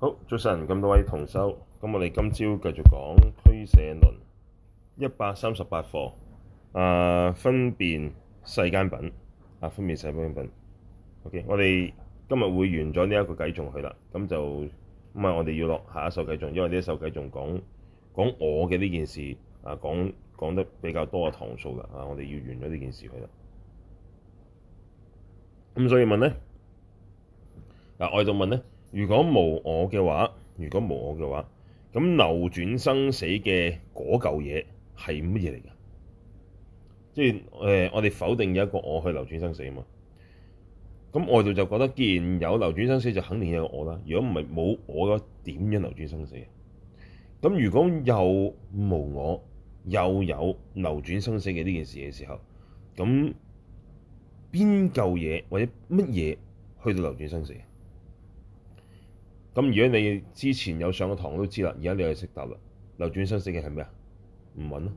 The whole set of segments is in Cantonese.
好，早晨咁多位同修，咁我哋今朝繼續講俱舍論一百三十八課，啊分別世間品，啊分別世間品。Okay，我哋今日會完咗呢一個偈頌去啦，咁就咁啊，我哋要落下，下一首偈頌，因為呢一首偈頌講講我嘅呢件事，啊講講得比較多嘅堂數，喇，啊我哋要完咗呢件事去啦。咁所以問咧，啊我就問咧？如果無我嘅話，如果無我嘅話，咁流轉生死嘅嗰嚿嘢係乜嘢嚟㗎？即係誒、呃，我哋否定有一個我去流轉生死啊嘛。咁外道就覺得，既然有流轉生死，就肯定有一個我啦。如果唔係冇我嘅，點樣流轉生死啊？咁如果又無我，又有流轉生死嘅呢件事嘅時候，咁邊嚿嘢或者乜嘢去到流轉生死？咁如果你之前有上過堂，我都知啦。而家你又識答啦。流轉生死嘅係咩啊？五蘊咯，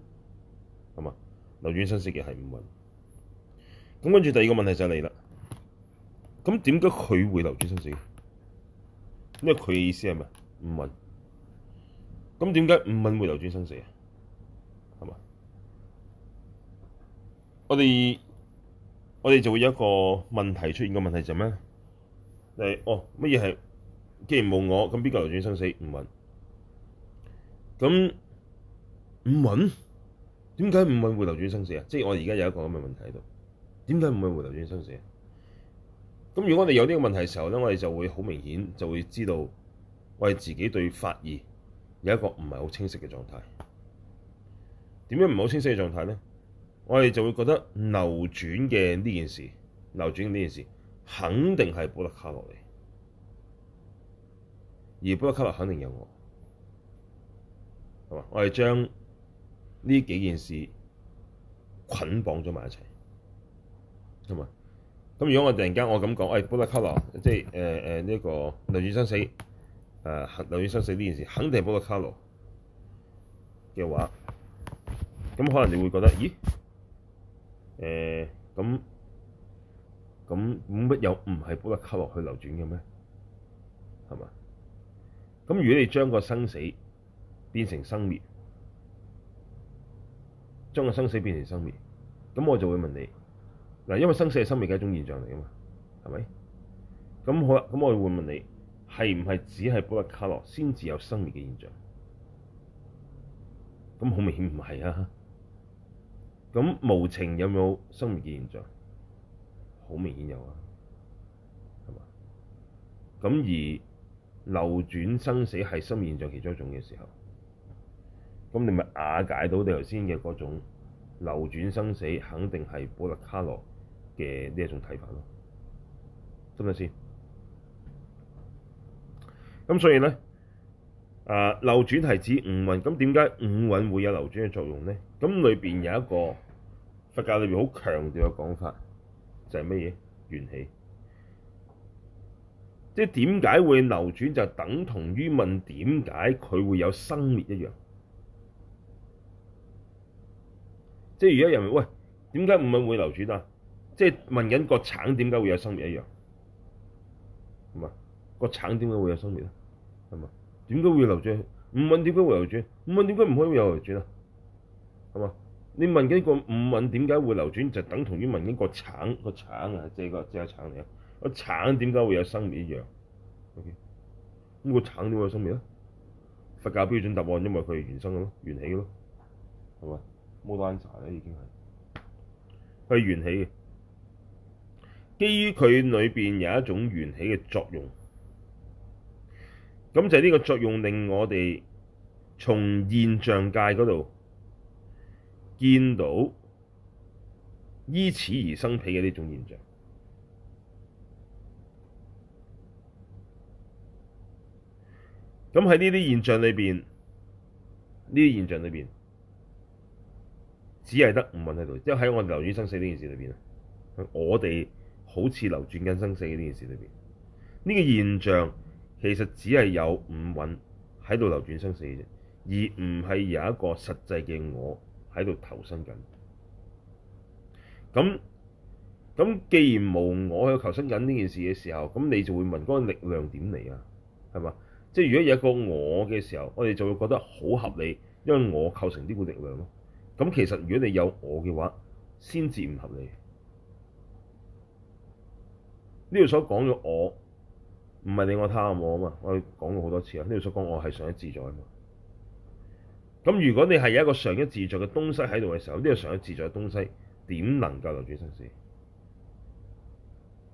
係嘛？流轉生死嘅係五蘊。咁跟住第二個問題就嚟啦。咁點解佢會流轉生死？因為佢嘅意思係咩？五蘊。咁點解五蘊會流轉生死啊？係嘛？我哋我哋就會有一個問題出現。個問題就咩？係、就是、哦，乜嘢係？既然冇我，咁邊個流轉生死五蘊？咁五蘊點解五蘊會流轉生死啊？即係我而家有一個咁嘅問題喺度，點解五蘊會流轉生死啊？咁如果我哋有呢個問題嘅時候咧，我哋就會好明顯就會知道，我哋自己對法義有一個唔係好清晰嘅狀態。點樣唔好清晰嘅狀態咧？我哋就會覺得流轉嘅呢件事，流轉嘅呢件事肯定係補特伽羅嚟。而補特伽羅肯定有我，係嘛？我係將呢幾件事捆綁咗埋一齊，係嘛？咁如果我突然間我咁講，喂、欸、補特伽羅，即係誒誒呢個流轉生死、呃、流轉生死呢件事，肯定係補特伽羅嘅話，咁可能你會覺得，咦？誒咁咁乜有唔係補特伽羅去流轉嘅咩？係嘛？咁如果你將個生死變成生滅，將個生死變成生滅，咁我就會問你嗱，因為生死係生命嘅一種現象嚟啊嘛，係咪？咁好啦，咁我會問你係唔係只係補特伽羅先至有生滅嘅現象？咁好明顯唔係啊！咁無情有冇生滅嘅現象？好明顯有啊，係嘛？咁而，流轉生死係心現象其中一種嘅時候，咁你咪瓦解到你頭先嘅嗰種流轉生死，肯定係補特伽羅嘅呢一種睇法，咯，得唔得先？咁所以咧，啊流轉係指五蘊，咁點解五蘊會有流轉嘅作用咧？咁裏邊有一個佛教裏邊好強調嘅講法，就係乜嘢緣起。即係點解會流轉？就等同於問點解佢會有生滅一樣。即係而家有人問：喂，點解五蘊會流轉啊？即係問緊個橙點解會有生滅一樣，係嘛？個橙點解會有生滅啊？係嘛？點解會流轉？五蘊點解會流轉？五蘊點解唔可以有流轉啊？係嘛？你問緊個五蘊點解會流轉，就等同於問緊個橙，個橙啊，即係個即係橙嚟啊！個橙點解會有生命一樣？O.K. 咁個橙點解會有生命咧？佛教標準答案，因為佢係原生嘅咯，緣起嘅咯，係咪？Modern 茶咧已經係佢緣起嘅，基於佢裏邊有一種緣起嘅作用。咁就係呢個作用令我哋從現象界嗰度見到依此而生起嘅呢種現象。咁喺呢啲現象裏面，呢啲現象裏面，只係得五蘊喺度。即係喺我哋流轉生死呢件事裏面，啊，我哋好似流轉緊生死呢件事裏面。呢個現象其實只係有五蘊喺度流轉生死啫，而唔係有一個實際嘅我喺度投生緊。咁咁既然冇我喺度求生緊呢件事嘅時候，咁你就會問嗰個力量點嚟啊？係嘛？即係如果有一個我嘅時候，我哋就會覺得好合理，因為我構成呢股力量咯。咁其實如果你有我嘅話，先至唔合理。呢度所講嘅我，唔係你我他啊，我啊嘛，我哋講過好多次啊。呢度所講我係上一自在啊嘛。咁如果你係有一個上一自在嘅東西喺度嘅時候，呢個上一自在嘅東西點能夠流轉生死？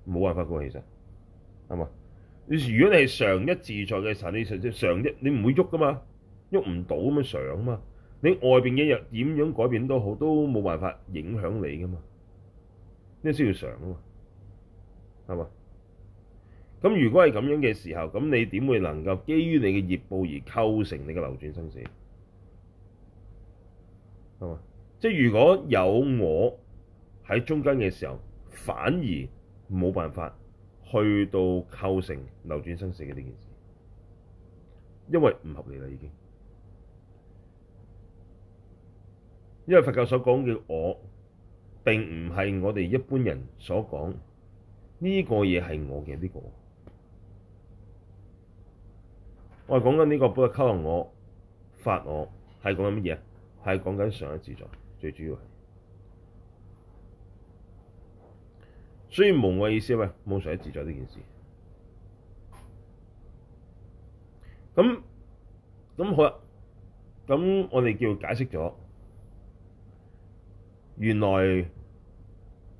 冇辦法噶，其實啱嘛。是你如果你係常一自在嘅時候，你實質常一你唔會喐㗎嘛，喐唔到咁樣常啊嘛。你外邊嘅人點樣改變都好，都冇辦法影響你㗎嘛，因為需要常啊嘛，係嘛？咁如果係咁樣嘅時候，咁你點會能夠基於你嘅業報而構成你嘅流轉生死？係嘛？即係如果有我喺中間嘅時候，反而冇辦法。去到構成流轉生死嘅呢件事，因為唔合理啦已經，因為佛教所講嘅我並唔係我哋一般人所講呢個嘢係我嘅呢個，我係講緊呢個不來吸我、法我係講緊乜嘢？係講緊上一次咗最主要係。所以無我意思咩？冇常自在呢件事。咁咁好啦。咁我哋叫解釋咗，原來誒、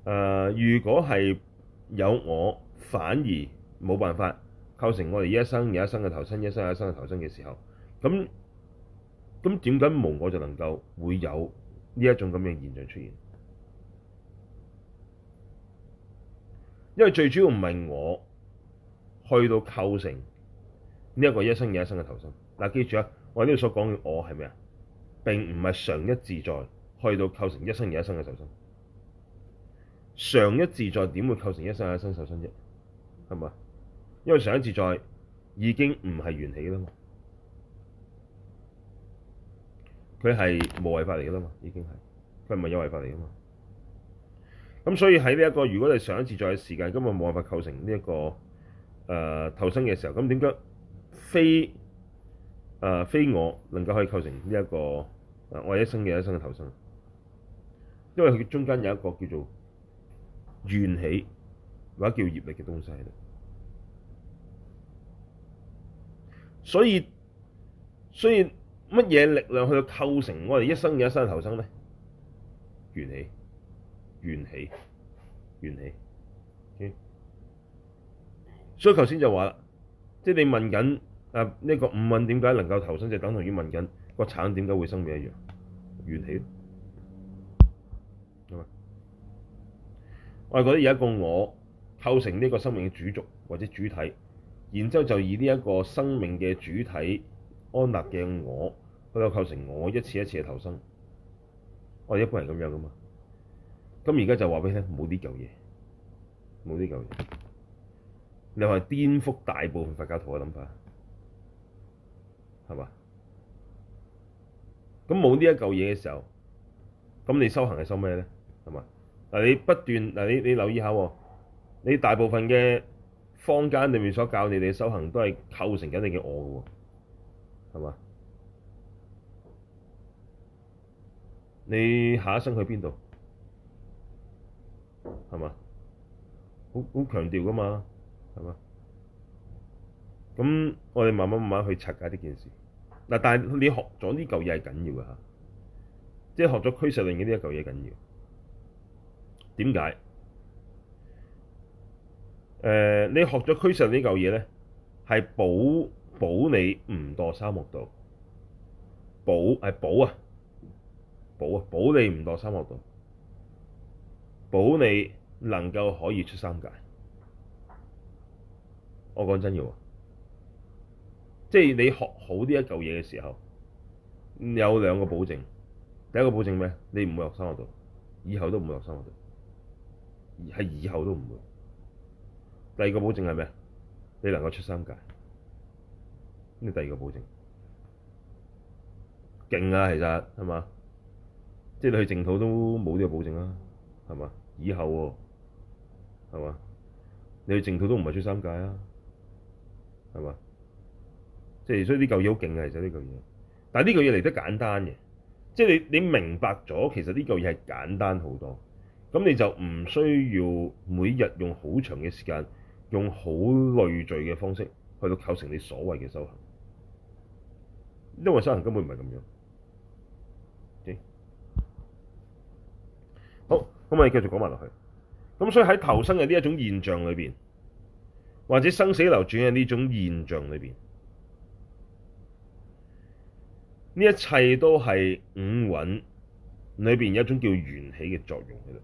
呃，如果係有我，反而冇辦法構成我哋一生又一生嘅投生，一生又一生嘅投生嘅時候，咁咁點解無我就能夠會有呢一種咁嘅現象出現？因為最主要唔係我去到構成呢一個一生又一生嘅投生，嗱記住啊，我呢度所講嘅我係咩啊？並唔係常一自在去到構成一生又一生嘅投生，常一自在點會構成一生一生受身啫？係咪啊？因為常一自在已經唔係緣起啦嘛，佢係無為法嚟噶啦嘛，已經係，佢唔係有為法嚟噶嘛。咁所以喺呢一個，如果你上一次再有時間，根本冇辦法構成呢一個誒投生嘅時候，咁點解非誒非我能夠可以構成呢一個我哋一生嘅一生嘅投生？因為佢中間有一個叫做緣起或者叫業力嘅東西喺度。所以，所以乜嘢力量去到構成我哋一生嘅一生嘅投生咧？緣起。緣起，緣起、嗯，所以頭先就話，即係你問緊啊呢，這個五蘊點解能夠投生，就是，等同於問緊個產點解會生？咪一樣緣起。我係覺得有一個我構成呢個生命嘅主軸或者主體，然之後就以呢一個生命嘅主體安立嘅我，佢又構成我一次一次嘅投生。我哋一般人咁樣噶嘛。咁而家就話畀你聽，冇啲舊嘢，冇啲舊嘢，你係顛覆大部分佛教徒嘅諗法，係嘛？咁冇呢一舊嘢嘅時候，咁你修行係修咩咧？係嘛？嗱，你不斷嗱，你你留意下喎，你大部分嘅坊間裏面所教你哋修行都係構成緊你嘅我嘅喎，係嘛？你下一生去邊度？係嘛，好好強調噶嘛，係嘛？咁我哋慢慢慢慢去拆解呢件事。嗱，但係你學咗呢嚿嘢係緊要噶嚇，即係學咗俱舍論嗰啲一嚿嘢緊要。點解？誒，你學咗俱舍論呢嚿嘢咧，係保保你唔墮三惡道，保係保啊，保啊，保你唔墮三惡道，保你。能夠可以出三界，我講真嘅，即係你學好呢一嚿嘢嘅時候，你有兩個保證。第一個保證咩？你唔會落三惡道，以後都唔會落三惡道，係以後都唔會。第二個保證係咩？你能夠出三界，呢個第二個保證，勁啊，其實係嘛？即係你去淨土都冇呢個保證啦，係嘛？以後。係嘛？你去淨土都唔係出三界啊，係嘛？即係所以呢嚿嘢好勁嘅，其實呢嚿嘢，但係呢嚿嘢嚟得簡單嘅，即係你你明白咗，其實呢嚿嘢係簡單好多，咁你就唔需要每日用好長嘅時間，用好累贅嘅方式去到構成你所謂嘅修行，因為修行根本唔係咁樣。好，咁我哋繼續講埋落去。咁所以喺投生嘅呢一種現象裏邊，或者生死流轉嘅呢種現象裏邊，呢一切都係五蘊裏邊有一種叫緣起嘅作用嘅啫。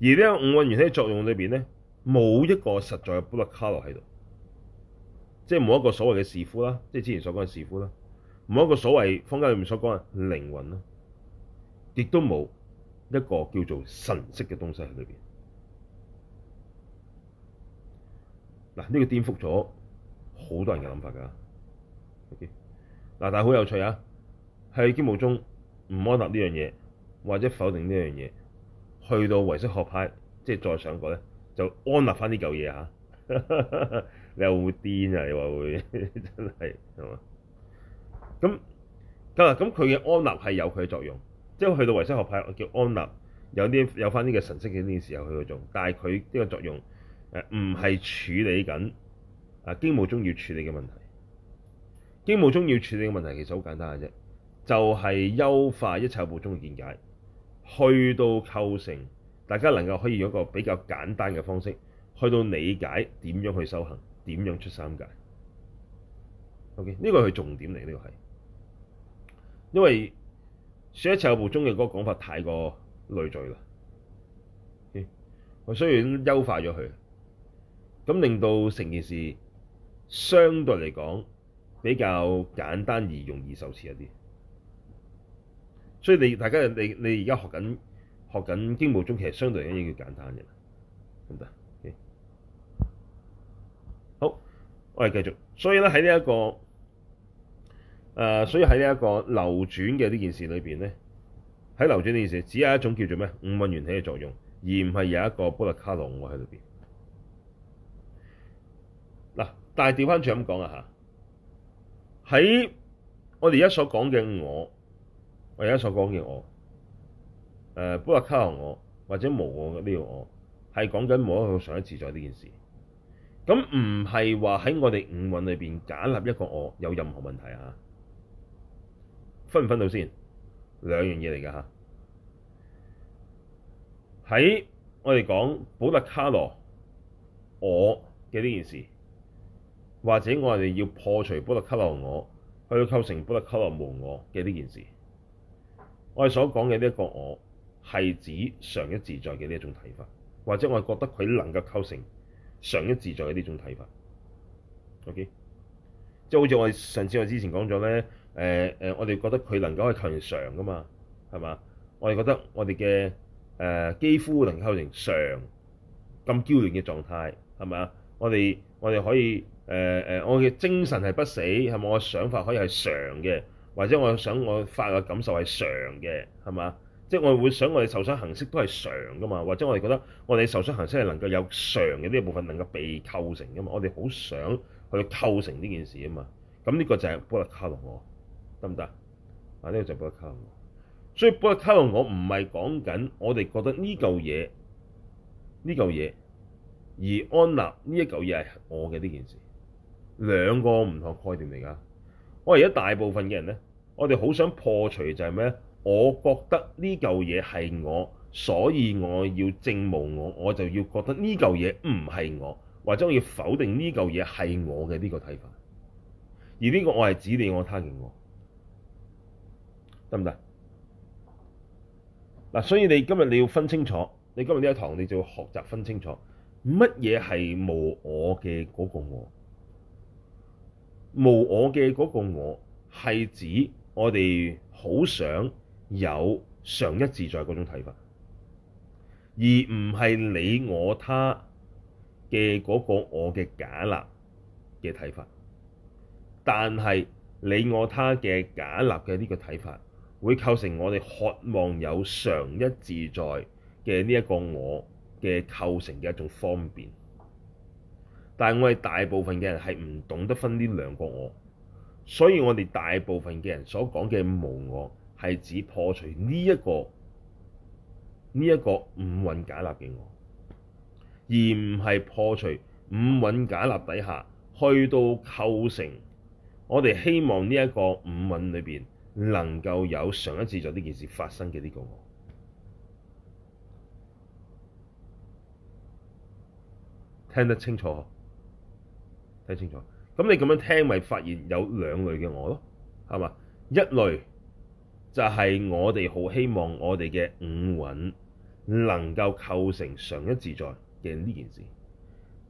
而呢個五蘊緣起嘅作用裏邊咧，冇一個實在嘅補特伽羅喺度，即係冇一個所謂嘅士夫啦，即係之前所講嘅士夫啦，冇一個所謂方家裏面所講嘅靈魂啦，亦都冇。一個叫做神識嘅東西喺裏邊，嗱呢個顛覆咗好多人嘅諗法噶。嗱但係好有趣啊，喺經慕中唔安立呢樣嘢，或者否定呢樣嘢，去到唯識學派，即係再上過咧，就安立翻啲舊嘢吓，你又會癲啊？你話會真係係嘛？咁啊咁，佢嘅安立係有佢嘅作用。即係去到唯識學派，我叫安立，有啲有翻啲嘅神識嘅呢件事由佢做，但係佢呢個作用，誒唔係處理緊啊經務中要處理嘅問題。經務中要處理嘅問題其實好簡單嘅啫，就係、是、優化一切部中嘅見解，去到構成大家能夠可以用一個比較簡單嘅方式，去到理解點樣去修行，點樣出三界。OK，呢個係重點嚟，呢、這個係，因為。所以，一切有部中嘅嗰個講法太過累贅啦，我雖然優化咗佢，咁令到成件事相對嚟講比較簡單而容易受持一啲，所以你大家你你而家學緊學緊經部中，其實相對嚟講應該簡單嘅，得唔得？好，我哋繼續，所以咧喺呢一個。誒、呃，所以喺呢一個流轉嘅呢件事裏面呢，咧，喺流轉呢件事，只有一種叫做咩五蘊緣起嘅作用，而唔係有一個補特伽羅我喺裏面。嗱、啊。但係掉返轉咁講啊吓，喺我哋而家所講嘅我，我而家所講嘅我，誒、呃、補特伽羅我或者無我嘅呢個我係講緊冇一個常一自在呢件事，咁唔係話喺我哋五蘊裏面假立一個我有任何問題啊？分唔分到先，兩樣嘢嚟㗎嚇。喺我哋講補特伽羅我嘅呢件事，或者我哋要破除補特伽羅我，去構成補特伽羅無我嘅呢件事。我哋所講嘅呢一個我係指常一自在嘅呢一種睇法，或者我覺得佢能夠構成常一自在嘅呢種睇法。OK，即係好似我哋上次我之前講咗咧。誒、呃、誒、呃，我哋覺得佢能夠去、呃、構成常噶嘛，係嘛？我哋覺得我哋嘅誒肌膚能夠成常咁嬌嫩嘅狀態，係咪啊？我哋我哋可以誒、呃、我嘅精神係不死，係咪？我嘅想法可以係常嘅，或者我想我的發嘅感受係常嘅，係咪？即係我會想我哋受想行識都係常噶嘛，或者我哋覺得我哋受想行識係能夠有常嘅呢一部分能夠被構成噶嘛？我哋好想去構成呢件事啊嘛，咁呢個就係補特伽羅。得唔得啊？呢個就叫補特伽羅。所以補特伽羅，我唔係講緊我哋覺得呢嚿嘢，呢嚿嘢而安立呢一嚿嘢係我嘅呢件事，兩個唔同概念嚟㗎。我而家大部分嘅人咧，我哋好想破除就係咩？我覺得呢嚿嘢係我，所以我要證無我，我就要覺得呢嚿嘢唔係我，或者我要否定呢嚿嘢係我嘅呢個睇法。而呢個我係指你我他認我。得唔得？嗱，所以你今日你要分清楚，你今日呢一堂你就要學習分清楚乜嘢係無我嘅嗰個我，無我嘅嗰個我係指我哋好想有常一自在嗰種睇法，而唔係你我他嘅嗰個我嘅假立嘅睇法。但係你我他嘅假立嘅呢個睇法。會構成我哋渴望有常一自在嘅呢一個我嘅構成嘅一種方便，但係我哋大部分嘅人係唔懂得分呢兩個我，所以我哋大部分嘅人所講嘅無我係指破除呢、這、一個呢一、這個五蘊假立嘅我，而唔係破除五蘊假立底下去到構成我哋希望呢一個五蘊裏邊，能夠有上一自在呢件事發生嘅呢個我，聽得清楚，聽清楚。咁你咁樣聽，咪發現有兩類嘅我咯，係嘛？一類就係我哋好希望我哋嘅五蘊能夠構成上一自在嘅呢件事，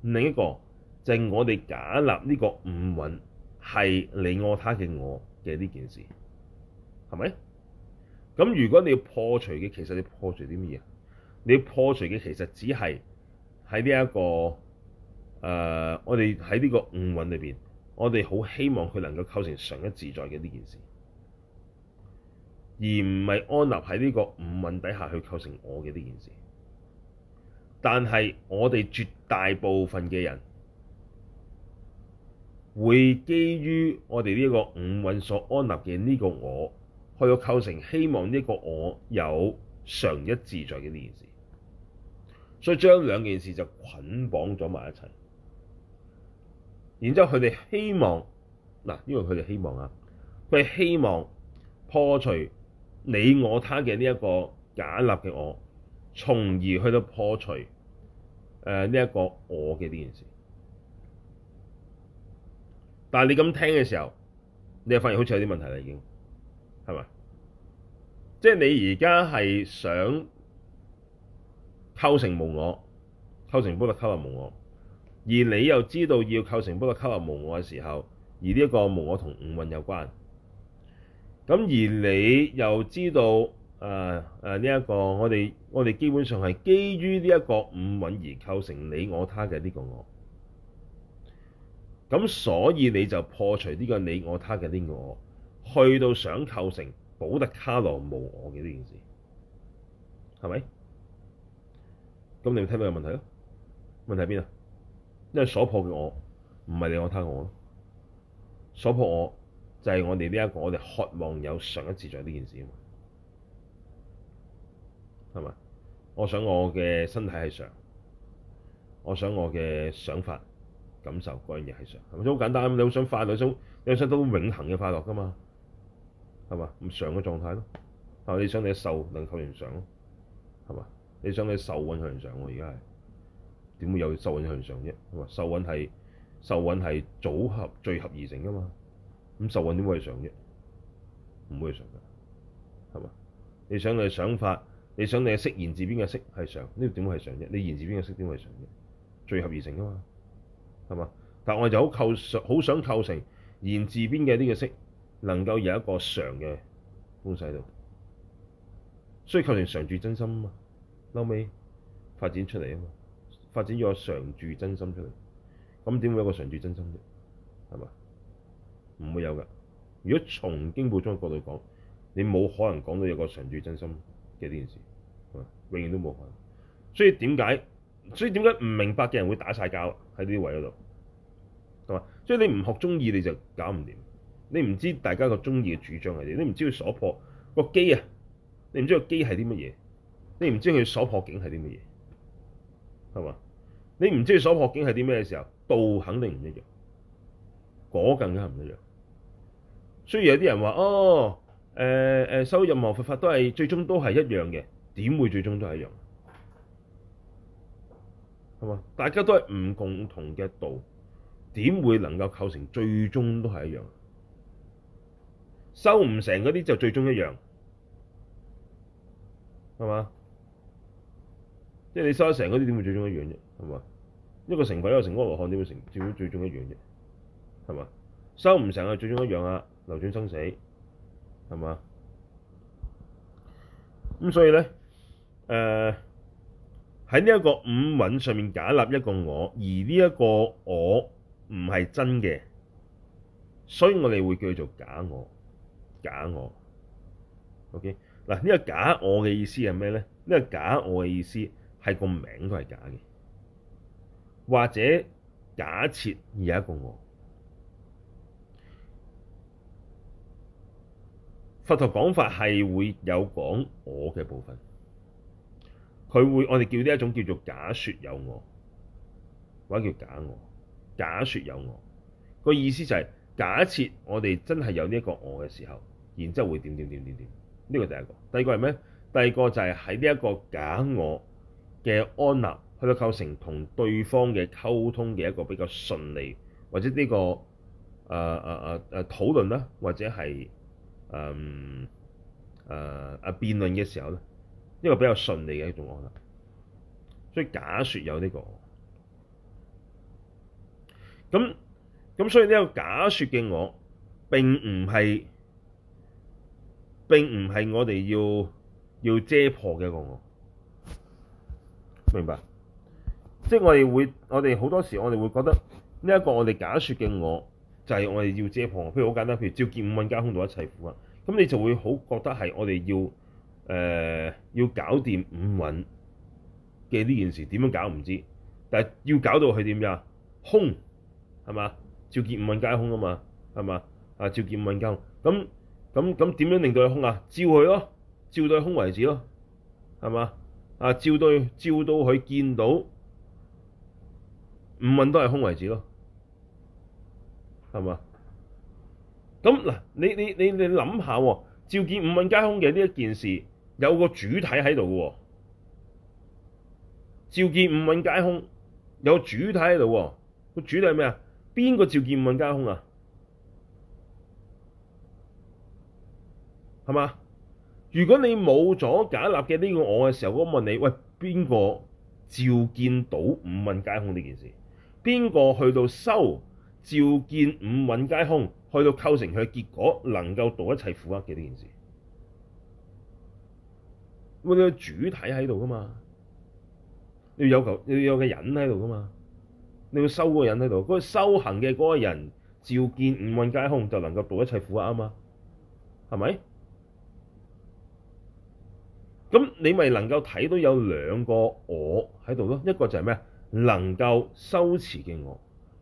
另一個就係我哋假立呢個五蘊係你我他嘅我嘅呢件事。係咪？咁如果你要破除嘅，其實你破除啲乜嘢？你破除嘅其實只係喺呢一個誒、呃，我哋喺呢個五蘊裏邊，我哋好希望佢能夠構成常一自在嘅呢件事，而唔係安立喺呢個五蘊底下去構成我嘅呢件事。但係我哋絕大部分嘅人，會基於我哋呢個五蘊所安立嘅呢個我。去到構成希望呢個我有常一自在嘅呢件事，所以將兩件事就捆綁咗埋一齊。然之後佢哋希望嗱，因為佢哋希望啊，佢哋希望破除你我他嘅呢一個假立嘅我，從而去到破除誒呢一個我嘅呢件事。但係你咁聽嘅時候，你又發現好似有啲問題啦，已經。即係你而家係想構成無我，構成補特伽羅無我，而你又知道要構成補特伽羅無我嘅時候，而呢一個無我同五蘊有關。咁而你又知道，誒誒呢一個我哋我哋基本上係基於呢一個五蘊而構成你我他嘅呢個我。咁所以你就破除呢個你我他嘅呢個我，去到想構成補特伽羅冇我嘅呢件事係咪？咁你會聽到有問題咯？問題喺邊啊？因為所破嘅我唔係你我他我咯，所破我就係、是、我哋呢一個，我哋渴望有常一自在呢件事啊嘛，係咪？我想我嘅身體係常，我想我嘅想法、感受嗰樣嘢係常。係咪先好簡單？你好想快樂，你想你好想都永恆嘅快樂㗎嘛？係嘛？咁上嘅狀態咯，啊！你想你嘅受能夠向上咯，係嘛？你想你嘅受蘊向上喎，啊，而家係點會有受蘊向上啫？受蘊係受蘊，係組合聚合而成噶嘛？咁受蘊點會係上啫？唔會係上嘅，係嘛？你想你嘅想法，你想你嘅識言字邊嘅識係上？上呢度點會係上啫？你言字邊嘅識點會係上啫？聚合而成噶嘛？係嘛？但係我就好構想，好想構成言字邊嘅呢個識。能夠有一個常嘅觀世度，所以構成常住真心啊嘛，後尾發展出嚟啊嘛，發展咗常住真心出嚟，咁點會有一個常住真心啫？係嘛？唔會有嘅。如果從經部宗嘅角度講，你冇可能講到有個常住真心嘅呢件事，係嘛？永遠都冇可能。所以點解？所以點解唔明白嘅人會打晒交喺呢啲位度？係嘛？所以你唔學中意，你就搞唔掂。你唔知大家個中意嘅主張係啲，你唔知佢所破個機啊，你唔知個機係啲乜嘢，你唔知佢所破境係啲乜嘢，係嘛？你唔知佢所破境係啲咩時候，道肯定唔一樣，果更加係唔一樣。所以有啲人話：哦，誒、呃、誒，收入和佛法，法都係最終都係一樣嘅，點會最終都係一樣？係嘛？大家都係唔共同嘅道，點會能夠構成最終都係一樣？收唔成嗰啲就最終一樣，係嘛？即、就、係、是、你收得成嗰啲點會最終一樣啫？係嘛？一個成佛一個成阿羅漢點會成最終一樣啫？係嘛？收唔成啊，最終一樣啊，流轉生死係嘛？咁所以咧，誒喺呢一、呃、個五蘊上面假立一個我，而呢一個我唔係真嘅，所以我哋會叫做假我。假我，OK 嗱呢個假我嘅意思係咩咧？呢、這個假我嘅意思係個名都係假嘅，或者假設有一個我。佛陀講法係會有講我嘅部分，佢會我哋叫呢一種叫做假説有我，或者叫假我，假説有我個意思就係假設我哋真係有呢一個我嘅時候，然之後會點點點點點？呢個第一個，第二個係咩？第二個就係喺呢一個假我嘅安立去到構成同對方嘅溝通嘅一個比較順利，或者呢個誒誒誒誒討論啦，或者係誒誒辯論嘅時候咧，一個比較順利嘅一種安立。所以假説有呢個，咁咁，所以呢個假説嘅我並唔係。並唔係我哋要要遮破嘅一個我，明白？即係我哋會，我哋好多時，我哋會覺得呢一個我哋假説嘅我，就係、是、我哋要遮破我。譬如好簡單，譬如照見五蘊皆空度一切苦厄，咁你就會好覺得係我哋要誒要搞掂五蘊嘅呢件事，點樣搞唔知？但係要搞到去點呀？空係嘛？照見五蘊皆空啊嘛，係嘛？啊、呃，照見五蘊皆空咁。咁咁點樣令到佢空啊？照佢咯，照到佢空為止咯，係嘛？啊，照到照到佢見到，五蘊都係空為止咯，係嘛？咁嗱，你你你你諗下喎，照見五蘊皆空嘅呢一件事，有個主體喺度嘅喎，照見五蘊皆空有主體喺度喎，個主體係咩啊？邊個照見五蘊皆空啊？係嘛？如果你冇咗假立嘅呢個我嘅時候，我問你：喂，邊個照見到五蘊皆空呢件事？邊個去到修照見五蘊皆空，去到構成佢嘅結果，能夠度一切苦厄嘅呢件事？咁啊，個主體喺度㗎嘛？你要有個要有個人喺度㗎嘛？你要收個人喺度，嗰、那個、修行嘅嗰個人照見五蘊皆空，就能夠度一切苦厄啊嘛？係咪？是咁你咪能夠睇到有兩個我喺度咯，一個就係咩啊？能夠修持嘅我，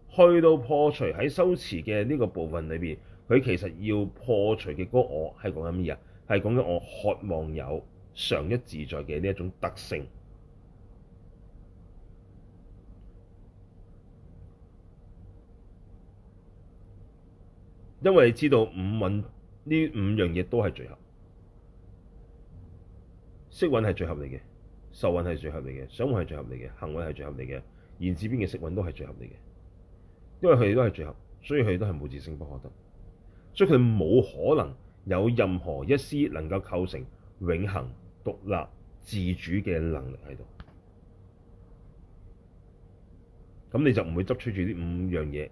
去到破除喺修持嘅呢個部分裏面，佢其實要破除嘅嗰個我係講緊咩啊？係講緊我渴望有常一自在嘅呢一種特性，因為知道五蘊呢五樣嘢都係聚合。色蘊係聚合嚟嘅，受蘊係聚合嚟嘅，想蘊係聚合嚟嘅，行蘊係聚合嚟嘅，言字邊嘅識蘊都係聚合嚟嘅，因為佢哋都係聚合，所以佢哋都係無自性、不可得，所以佢冇可能有任何一絲能夠構成永恆獨立自主嘅能力喺度，咁你就唔會執取住呢五樣嘢，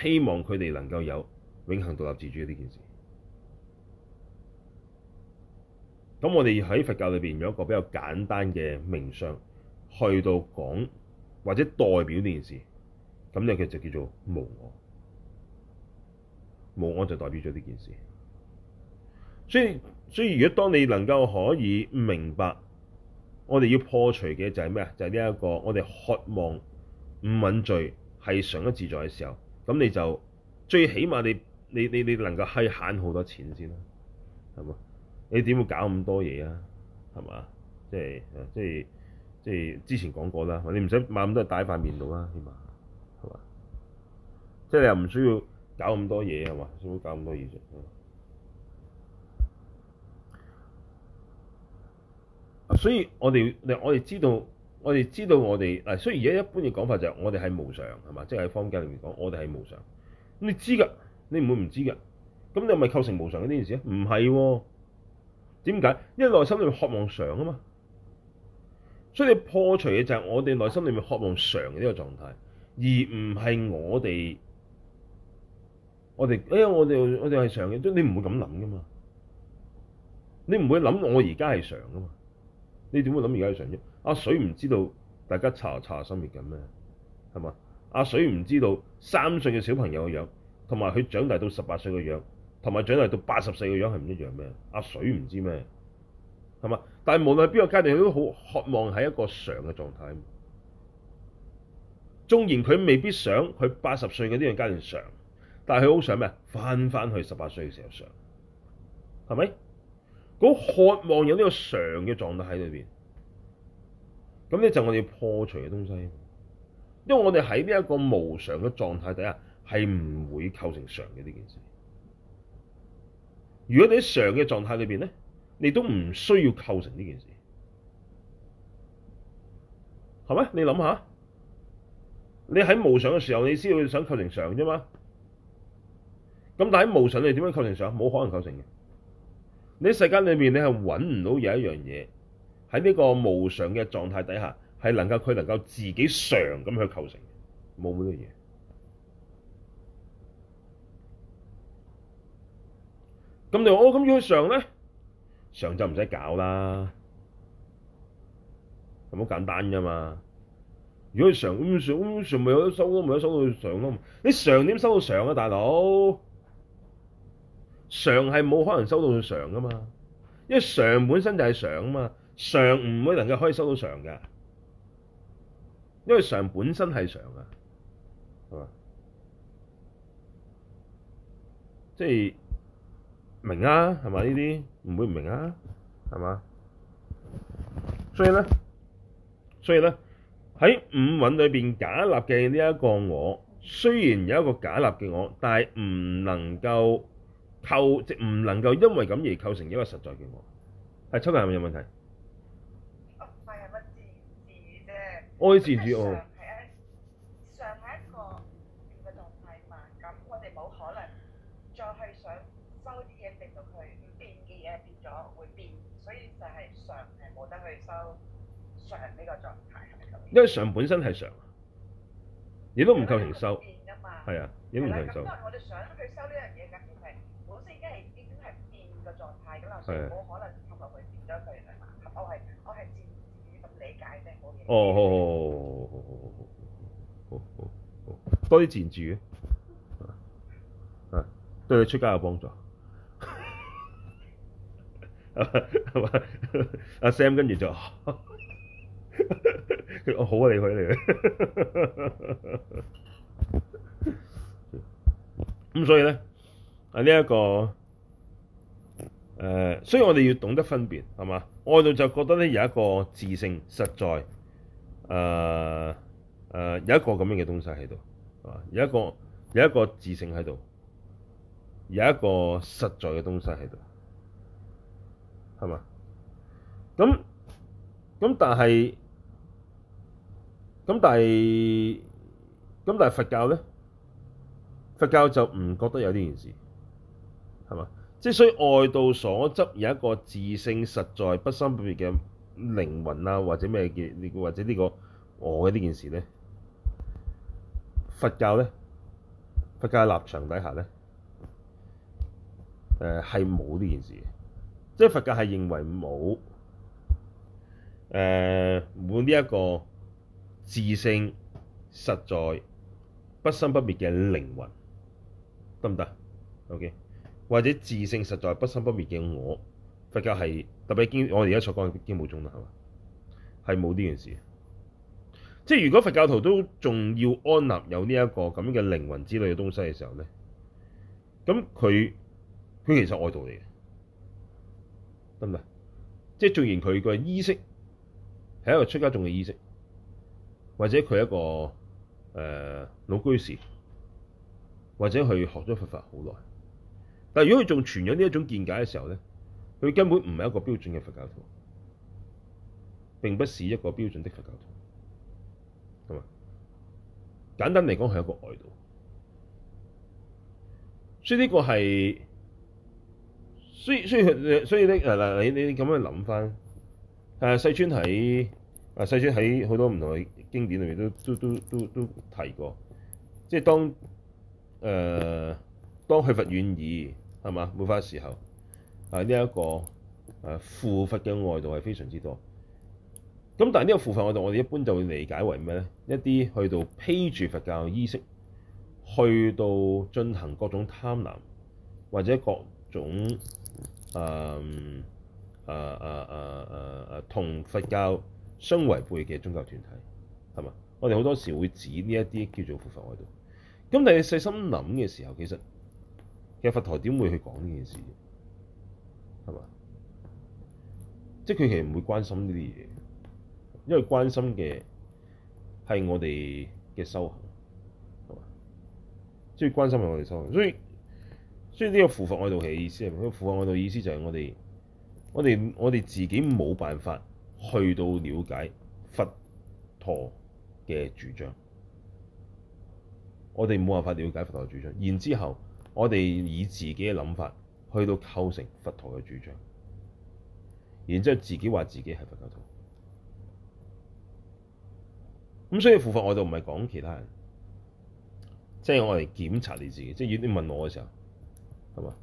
希望佢哋能夠有永恆獨立自主呢件事。咁我哋喺佛教裏面有一個比較簡單嘅名相去到講或者代表呢件事，咁呢個就叫做無我，無我就代表咗呢件事。所以所以，如果當你能夠可以明白，我哋要破除嘅就係咩啊？就係呢一個我哋渴望唔允許係常一自在嘅時候，咁你就最起碼你你你你能夠係慳好多錢先啦，係嘛？你點會搞咁多嘢啊？係嘛，即係即係即係之前講過啦。你唔使買咁多戴喺塊面度啦，起碼係嘛。即係你又唔需要搞咁多嘢係嘛，少啲搞咁多嘢啫。所以我哋，我哋我哋知道，我哋知道我哋，我哋嗱。雖然而家一般嘅講法就係我哋係無常係嘛，即係喺方界裏面講，我哋係無常。你知㗎，你唔會唔知㗎。咁你咪構成無常嘅呢件事咧？唔係喎。點解？因為內心裏面渴望常啊嘛，所以你破除嘅就係我哋內心裏面渴望常嘅呢個狀態，而唔係我哋，我哋，哎呀，我哋我哋係常嘅，即你唔會咁諗噶嘛，你唔會諗我而家係常噶嘛，你點會諗而家係常啫？阿水唔知道大家查查心滅緊咩，係嘛？阿、啊、水唔知道三歲嘅小朋友嘅樣，同埋佢長大到十八歲嘅樣。同埋長到八十歲嘅樣係唔一樣咩？阿水唔知咩係嘛？但係無論邊個階段，佢都好渴望喺一個常嘅狀態。縱然佢未必想佢八十歲嘅呢個階段常，但係佢好想咩？翻翻去十八歲嘅時候常，係咪？好、那個、渴望有呢個常嘅狀態喺裏面。咁呢就我哋要破除嘅東西，因為我哋喺呢一個無常嘅狀態底下，係唔會構成常嘅呢件事。如果你喺常嘅狀態裏面咧，你都唔需要構成呢件事，係咪？你諗下，你喺無常嘅時候，你先會想構成常啫嘛。咁但喺無常你點樣構成常？冇可能構成嘅。你喺世間裏面，你係揾唔到有一樣嘢喺呢個無常嘅狀態底下，係能夠佢能夠自己常咁去構成，冇咩嘅嘢。咁你我咁要去常咧？常、哦、就唔使搞啦，咁好簡單噶嘛。如果要常，咁常唔常咪有得收？咪有收到常咯？你常點收到常啊，大佬？常係冇可能收到常噶嘛，因為常本身就係常啊嘛，常唔會能夠可以收到常嘅，因為常本身係常啊，係嘛？即係。明啊，係嘛？呢啲唔會唔明啊，係嘛？所以咧，所以咧，喺五蘊裏邊假立嘅呢一個我，雖然有一個假立嘅我，但係唔能夠構，即係唔能夠因為咁而構成一個實在嘅我。係出嚟係咪有問題？愛字字啫。收常呢個狀態，因為常本身係常，亦都唔夠其收。變㗎嘛，係啊，亦都唔夠其收。因為我哋想佢收呢樣嘢，關鍵係本身依家係變都係變嘅狀態，咁啊，冇可能放落去變咗佢啊嘛。我係我係自己咁理解啫，冇嘢。哦，好好好好好好好好，好好，多啲字住，嘅，係對你出街有幫助。阿 Sam 跟住就我 好啊！你去，你咁 所以咧，啊呢一、這個誒、呃，所以我哋要懂得分別係嘛？外道就覺得咧，有一個自性實在，誒、呃、誒、呃、有一個咁樣嘅東西喺度，啊有一個有一個自性喺度，有一個實在嘅東西喺度。係嘛？咁咁但係咁但係咁但係佛教咧，佛教就唔覺得有呢件事，係嘛？即係所以外道所執有一個自性實在不生不滅嘅靈魂啊，或者咩嘅，或者呢、這個我嘅呢件事咧，佛教咧，佛教立場底下咧，誒係冇呢件事即係佛教係認為冇誒冇呢一個自性實在不生不滅嘅靈魂，得唔得？OK，或者自性實在不生不滅嘅我，佛教係特別堅，我哋而家所講嘅堅冇中啦，係嘛？係冇呢件事。即係如果佛教徒都仲要安立有呢一個咁嘅靈魂之類嘅東西嘅時候咧，咁佢，佢其實外道嚟嘅。即係雖然佢個意識係一個出家眾嘅意識，或者佢一個誒、呃、老居士，或者佢學咗佛法好耐，但係如果佢仲存有呢一種見解嘅時候咧，佢根本唔係一個標準嘅佛教徒，並不是一個標準的佛教徒，係咪？簡單嚟講係一個外道，所以呢個係。所以所以所以咧，嗱嗱你你咁樣諗翻，誒世尊喺誒世尊喺好多唔同嘅經典裏面都都都都都提過，即係當誒、呃、當去佛遠耳係嘛，末法嘅時候，係呢一個誒附、啊、佛嘅外道係非常之多。咁但係呢個附佛外道，我哋一般就會理解為咩咧？一啲去到披住佛教衣飾，去到進行各種貪婪或者各種。誒誒誒誒誒同佛教相違背嘅宗教團體係嘛？我哋好多時會指呢一啲叫做附佛外道。咁你係細心諗嘅時候，其實嘅佛陀點會去講呢件事？係嘛？即係佢其實唔會關心呢啲嘢，因為關心嘅係我哋嘅修行，係嘛？所以關心係我哋修行，所以。所以呢個附佛外道嘅意思係咩？佢附佛外道意思就係我哋，我哋我哋自己冇辦法去到了解佛陀嘅主張，我哋冇辦法了解佛陀嘅主張。然之後，我哋以自己嘅諗法去到構成佛陀嘅主張，然之後自己話自己係佛教徒。咁所以附佛外道唔係講其他人，即係我哋檢查你自己。即係你問我嘅時候。係嘛？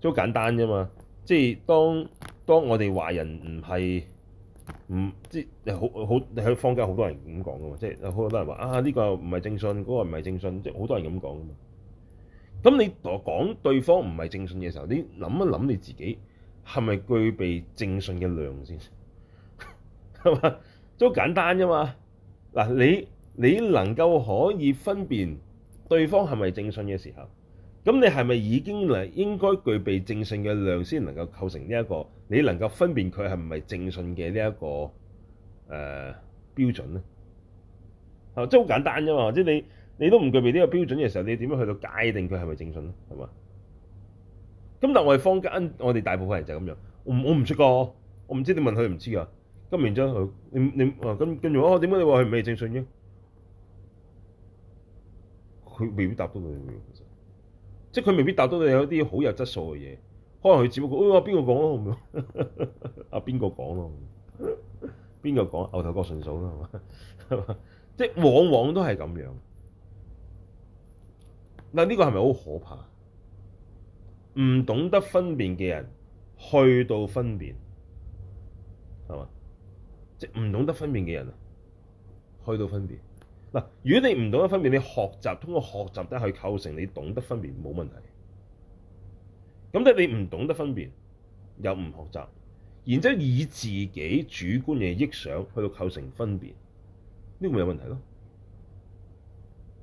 都好簡單啫嘛，即係當當我哋華人唔係唔即係好好喺坊間好多人咁講嘅嘛，即係好多人話啊呢個唔係正信，嗰個唔係正信，即係好多人咁講嘅嘛。咁你講對方唔係正信嘅時候，你諗一諗你自己係咪具備正信嘅量先？係嘛？都好簡單啫嘛。嗱，你你能夠可以分辨對方係咪正信嘅時候，咁你係咪已經嚟應該具備正信嘅量先能夠構成呢一個你能夠分辨佢係唔係正信嘅呢一個誒、呃、標準咧？即係好簡單啫嘛！即係你你都唔具備呢個標準嘅時候，你點樣去到界定佢係咪正信咧？係嘛？咁但係坊間我哋大部分人就係咁樣，我唔出過，我唔知你問佢唔知㗎。咁然之後，你你咁咁如點解你話佢唔係正信嘅佢未必答到佢。即係佢未必答到你有一啲好有質素嘅嘢，可能佢只不過，哎呀，邊個講咯？阿邊個講咯？邊個講？牛頭角順手啦，係嘛？即係往往都係咁樣。嗱，呢個係咪好可怕？唔懂得分辨嘅人，去到分辨係嘛？即係唔懂得分辨嘅人啊，去到分辨。嗱，如果你唔懂得分辨，你學習通過學習得去構成你懂得分辨冇問題。咁咧，你唔懂得分辨，又唔學習，然之後以自己主觀嘅臆想去到構成分辨，呢個咪有問題咯，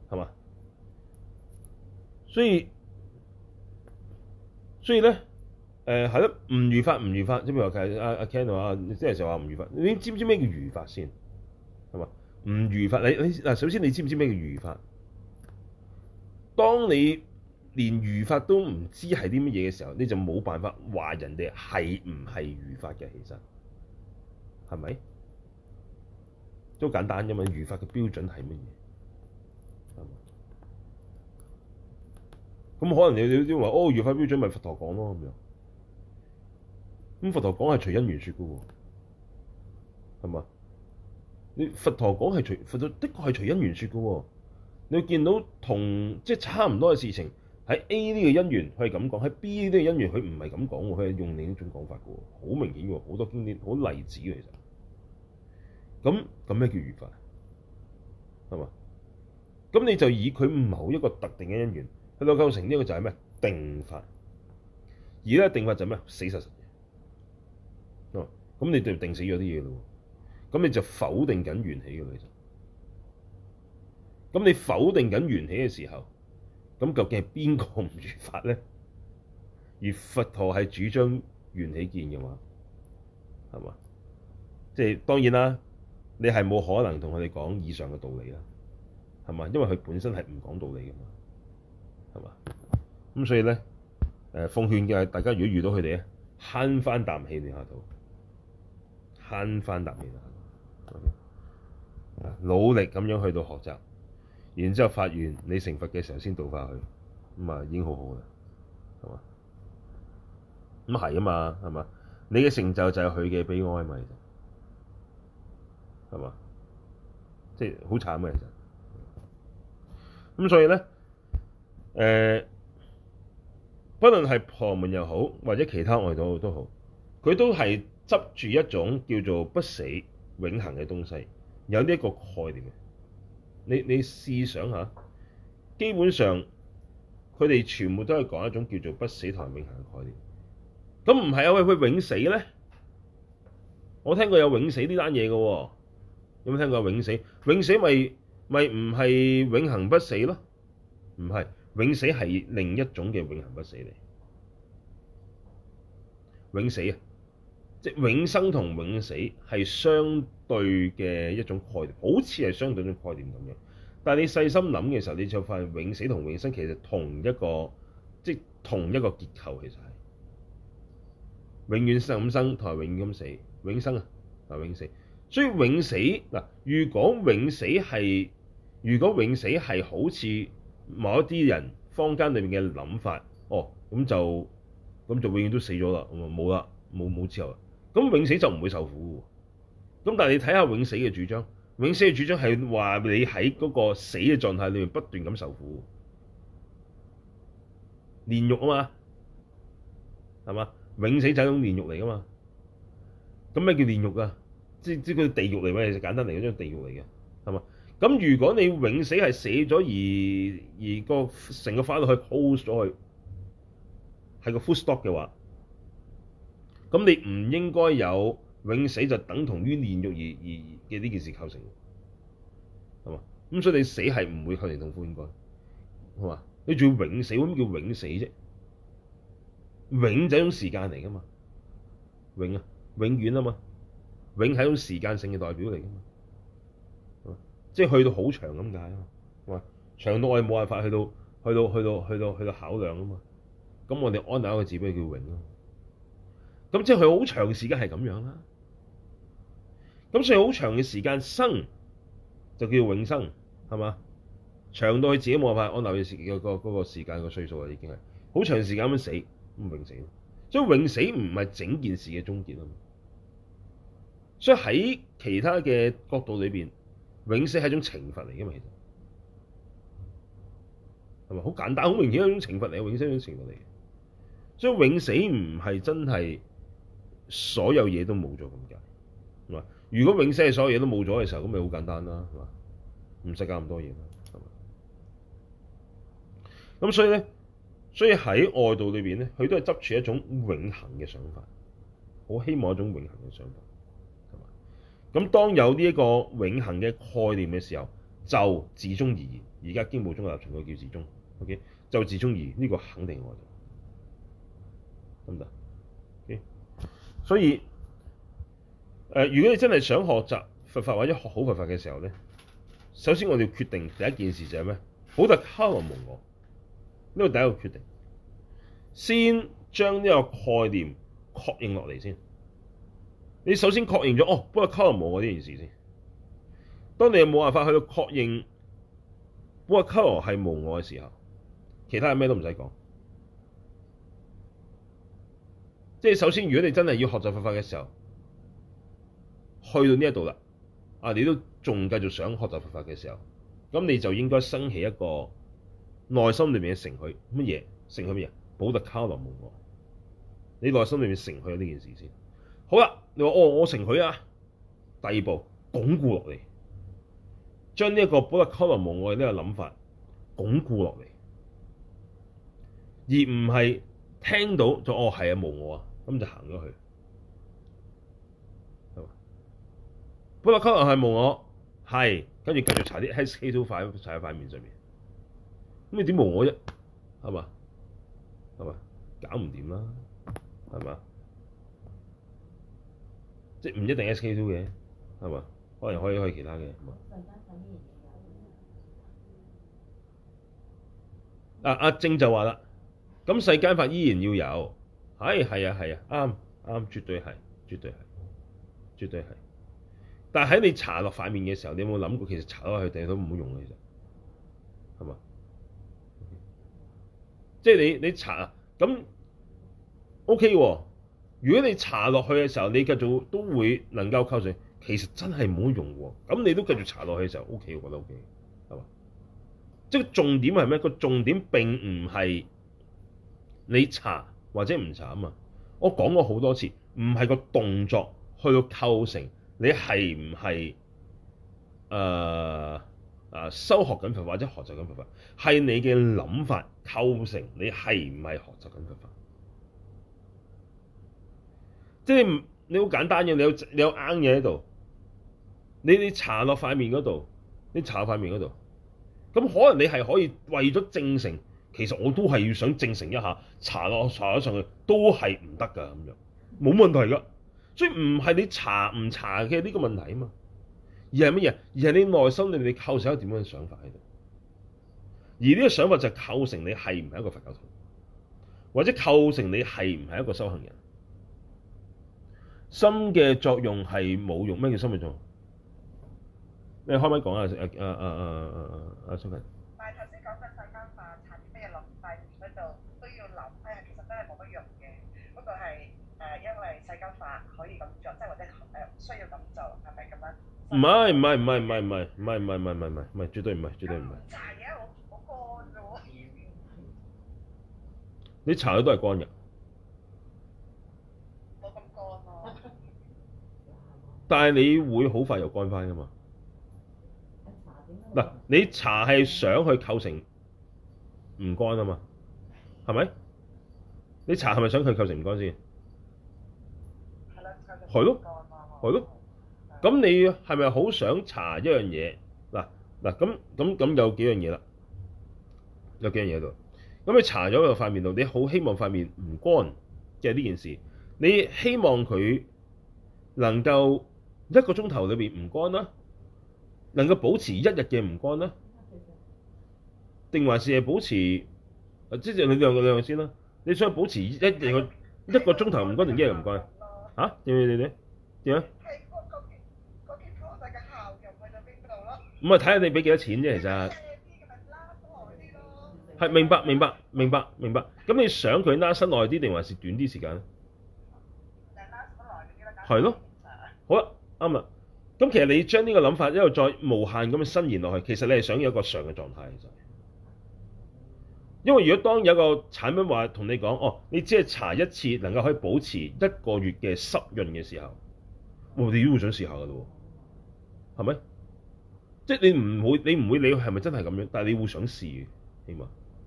係嘛？所以，所以咧，誒係咯，唔如法，唔如法。即譬如阿阿、啊啊、Ken 話，即係成日話唔如法，你知唔知咩叫如法先？唔如法，你你嗱，首先你知唔知咩叫如法？當你連如法都唔知係啲乜嘢嘅時候，你就冇辦法話人哋係唔係如法嘅，其實係咪？都簡單，因為如法嘅標準係乜嘢？係咪？咁可能你你認話哦，如法標準咪佛陀講咯咁樣。咁佛陀講係隨因緣說㗎喎，係嘛？佛陀講係隨佛的確係隨因緣說嘅，你會見到同即係差唔多嘅事情，喺 A 呢個因緣佢係咁講，喺 B 呢個因緣佢唔係咁講，佢係用另一種講法嘅，好明顯嘅，好多經典，好多例子嘅其實。咁咁咩叫如法？係嘛？咁你就以佢唔某一個特定嘅因緣去構成呢個就係咩？定法。而呢定法就咩？死實實嘅。哦，咁你就定死咗啲嘢咯。咁你就否定緊緣起嘅，其實咁你否定緊緣起嘅時候，咁究竟係邊個唔如法咧？而佛陀係主張緣起見嘅嘛，係嘛？即係當然啦，你係冇可能同佢哋講以上嘅道理啦，係嘛？因為佢本身係唔講道理嘅嘛，係嘛？咁所以咧，誒，奉勸嘅大家如果遇到佢哋咧，慳翻啖氣暖下肚，慳翻啖氣。努力咁樣去到學習，然之後發願，你成佛嘅時候先倒返去，咁啊已經好好啦，係嘛？咁係啊嘛，係嘛？你嘅成就就係佢嘅悲哀啊嘛，係嘛？即係好慘嘅，其實。咁所以咧，誒、呃，不論係婆羅門又好，或者其他外道都好，佢都係執住一種叫做不死、永恆嘅東西。有呢一個概念嘅，你你試想下，基本上佢哋全部都係講一種叫做不死同永恆嘅概念。咁唔係啊？喂，佢永死咧？我聽過有永死呢單嘢嘅喎，有冇聽過永死？永死咪咪唔係永恆不死咯？唔係，永死係另一種嘅永恆不死嚟。永死啊！即永生同永死係相對嘅一種概念，好似係相對嘅概念咁樣。但係你細心諗嘅時候，你就發現永死同永生其實同一個，即同一個結構其實係永遠咁生同埋永遠咁死，永生啊啊永，永，永死。所以永死嗱，如果永死係，如果永死係好似某一啲人坊間裏面嘅諗法，哦咁就咁就永遠都死咗啦，冇，嗯，啦，冇冇之後啦。咁永死就唔會受苦，咁但係你睇下永死嘅主張，永死嘅主張係話你喺嗰個死嘅狀態裏面不斷咁受苦，煉獄啊嘛，係嘛？永死就係一種煉獄嚟噶嘛，咁咩叫煉獄啊？即即佢地獄嚟㗎，簡單嚟講就地獄嚟嘅，係嘛？咁如果你永死係死咗而而個成個 file 去 post 咗去，係個 full stop 嘅話。咁你唔應該有永死就等同於煉獄而而嘅呢件事構成，係嘛？咁所以你死係唔會構成痛苦應該，係嘛？你仲要永死，咁叫永死啫？永就係種時間嚟㗎嘛，永啊，永遠啊嘛，永係種時間性嘅代表嚟㗎嘛，即係、就是、去到好長咁解啊嘛，係嘛？長到我哋冇辦法去到去到去到去到去到，去到考量啊嘛，咁我哋安那一個字咩叫永咯、啊？咁即係佢好長時間係咁樣啦，咁所以好長嘅時間生就叫永生，係嘛？長到佢自己冇辦法安流嘅己嘅嗰個時間嘅歲數啦，已經係好長時間咁樣死咁永死，所以永死唔係整件事嘅終結吖嘛。所以喺其他嘅角度裏面，永死係一種懲罰嚟嘅嘛，其實係咪？好簡單、好明顯一種懲罰嚟永死，一種懲罰嚟嘅。所以永死唔係真係。所有嘢都冇咗咁解，如果永世所有嘢都冇咗嘅時候，咁咪好簡單啦，係嘛？唔使搞咁多嘢啦，係嘛？咁所以咧，所以喺外道裏面咧，佢都係執住一種永恆嘅想法，好希望一種永恆嘅想法，係嘛？咁當有呢一個永恆嘅概念嘅時候，就自中而言，而家經部中嘅立場叫自中，OK？就自中而言，呢、這個肯定係外道得唔得？所以，誒、呃，如果你真係想學習佛法或者學好佛法嘅時候咧，首先我哋要決定第一件事就係咩？補特伽羅無我，呢個第一個決定。先將呢個概念確認落嚟先。你首先確認咗，哦，補特伽羅無我呢件事先。當你冇有有辦法去到確認補特伽羅係無我嘅時候，其他嘢咩都唔使講。即係首先，如果你真係要學習佛法嘅時候，去到呢一度啦，啊，你都仲繼續想學習佛法嘅時候，咁你就應該升起一個內心裏面嘅承許，乜嘢承許乜嘢？補特伽羅無我，你內心裏面承許呢件事先。好啦，你話哦，我承許啊。第二步，鞏固落嚟，將呢一個補特伽羅無我呢個諗法鞏固落嚟，而唔係聽到就哦，係啊，冇我啊。咁就行咗去，係嘛？本來 colour 係冇我，係跟住繼續搽啲 SK2 粉搽喺塊面上面，咁你點冇我啫？係嘛？係嘛？搞唔掂啦，係嘛？即係唔一定 SK2 嘅，係嘛？可能可以開其他嘅。阿阿、 啊啊、正就話啦，咁世間法依然要有。係係啊係啊，啱啱絕對係，絕對係，絕對係。但係喺你搽落塊面嘅時候，你有冇諗過其實搽落去定都唔好用嘅，其實係嘛、嗯？即係你你搽咁 OK 喎、啊。如果你搽落去嘅時候，你繼續都會能夠構成，其實真係唔好用喎、啊。咁你都繼續搽落去嘅時候，OK 我覺得 OK 係嘛？即係重點係咩？個重點並唔係你搽。或者唔慘啊！我講過好多次，唔係個動作去到構成你係唔係，誒誒修學緊佛法，或者學習緊佛法，係你嘅諗法構成你係唔係學習緊佛法。即係你好簡單嘅，你有你有硬嘢喺度，你你搽落塊面嗰度，你搽落塊面嗰度，咁可能你係可以為咗正成。其實我都係要想證成一下，查個查咗上去都係唔得噶，咁樣，冇問題噶。所以唔係你查唔查嘅呢個問題啊嘛，而係乜嘢？而係你內心你哋構成一個點樣嘅想法喺度？而呢個想法就構成你係唔係一個佛教徒，或者構成你係唔係一個修行人？心嘅作用係冇用，咩叫心嘅作用？你可唔可以講下啊？啊啊啊啊啊啊，啊！相需要咁做係咪咁樣？唔係唔係唔係唔係唔係唔係唔係唔係唔係唔係絕對唔係，絕對唔係。茶嘢我我乾咗，你茶嘢都係乾嘅。冇咁乾咯。但係你會好快又乾返噶嘛？嗱，你茶係想去構成唔乾啊嘛？係咪？你茶係咪想佢構成唔乾先？係咯。係咯，咁你係咪好想查一樣嘢嗱嗱？咁咁咁有幾樣嘢啦，有幾樣嘢喺度。咁你查咗個塊面度，你好希望塊面唔乾嘅呢件事，你希望佢能夠一個鐘頭裏邊唔乾啦，能夠保持一日嘅唔乾啦，定還是係保持即係兩兩兩先啦。你想保持一個 一個鐘頭唔乾定一日唔乾 啊？嚇點你點？你你點啊？係嗰個件嗰嘅效用係喺邊度咯？咁啊，睇下你俾幾多錢啫，其實看看、啊。貴、嗯、係、嗯嗯嗯，明白，明白，明白，明白。咁你想佢拉伸耐啲定還是短啲時間咧？係、嗯、拉、嗯嗯嗯嗯、咯，好啦，啱啦。咁其實你將呢個諗法一路再無限咁樣伸延落去，其實你係想有一個常嘅狀態嘅，因為如果當有個產品話同你講，哦，你只係搽一次能夠可以保持一個月嘅濕潤嘅時候。.我哋都會想試下噶咯喎，係咪？即係你唔會，你唔會，你係咪真係咁樣？但係你會想試嘅，起碼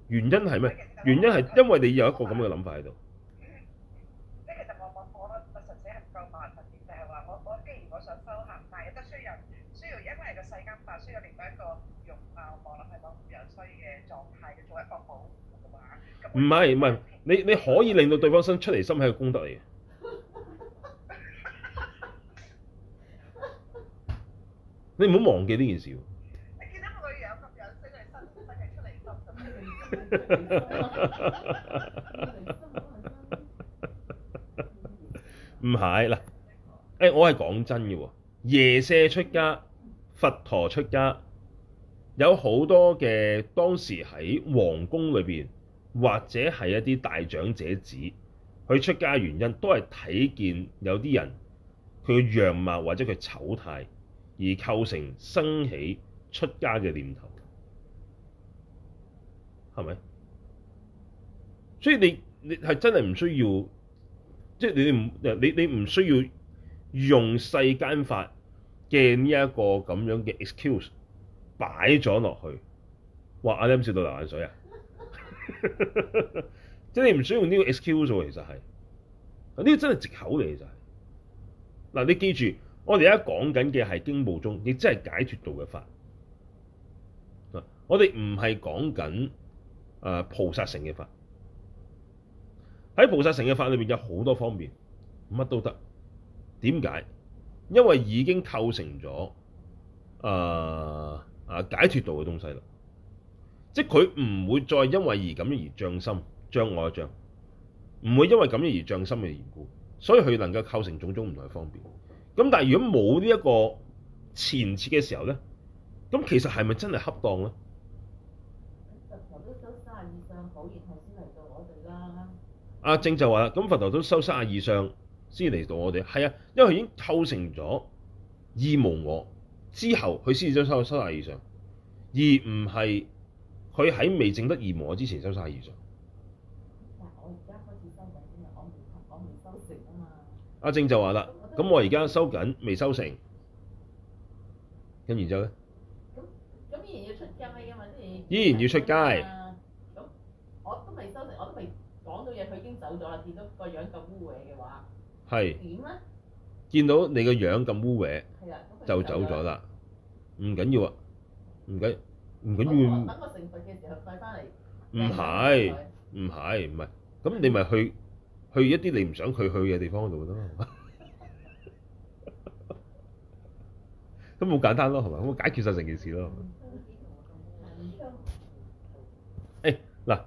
原因係咩？原因係因，因為你有一個咁嘅諗法喺度。即係其實我我我我實係唔夠萬分之，就係話我我既然我想修行，但係都需要人，需要因為個世間法需要另外一個容貌無論係好樣衰嘅狀態嘅做一個好嘅話，唔係唔係，你你可以令到對方生出嚟心係個功德嚟嘅。你唔好忘記呢件事。見到佢個樣咁樣，所系出出嚟。唔係嗱，誒、 欸，我係講真嘅喎，耶舍出家、佛陀出家，有好多嘅當時喺皇宮裏邊，或者係一啲大長者子，佢出家嘅原因都係睇見有啲人佢嘅樣貌或者佢醜態。而構成生起出家嘅念頭，係咪？所以你你係真係唔需要，即係你唔你你唔需要用世間法嘅呢一個咁樣嘅 excuse 擺咗落去。哇！阿 lem 笑到流眼水啊！即 係 你唔需要用呢個 excuse 喎、啊，其實係，呢個真係藉口嚟、啊、其實係嗱，你記住。我哋而家講緊嘅係經報中，亦即係解脫道嘅法。我哋唔係講緊誒菩薩性嘅法。喺菩薩性嘅法裏面，有好多方面，乜都得。點解？因為已經構成咗誒、呃、解脫道嘅東西啦。即係佢唔會再因為而咁樣而障心障我一障，唔會因為咁樣而障心嘅緣故，所以佢能夠構成種種唔同嘅方便。咁但係如果冇呢一個前設嘅時候咧，咁其實係咪真係恰當咧？佛頭都收卅以上，好然後先嚟到我哋啦。阿正就話啦，咁佛頭都收卅以上先嚟到我哋，係啊，因為佢已經構成咗二無我之後，佢先至將收卅以上，而唔係佢喺未整得二無我之前收卅以上。嗱，我而家開始收緊，我我未收成啊嘛。阿正就話啦。咁我而家收緊，未收成，跟住之後咧，咁咁依然要出街啊嘛，依然要出街。咁我都未收成，我都未講到嘢，佢已經走咗啦。見到個樣咁污穢嘅話，係點咧？見到你個樣咁污穢，係啦，就走咗啦。唔緊要啊，唔緊唔緊要。等我成熟嘅時候帶翻嚟。唔係唔係唔係，咁你咪去去一啲你唔想佢去嘅地方嗰度啊嘛。咁好簡單咯，係嘛？咁解決曬成件事咯。誒嗱，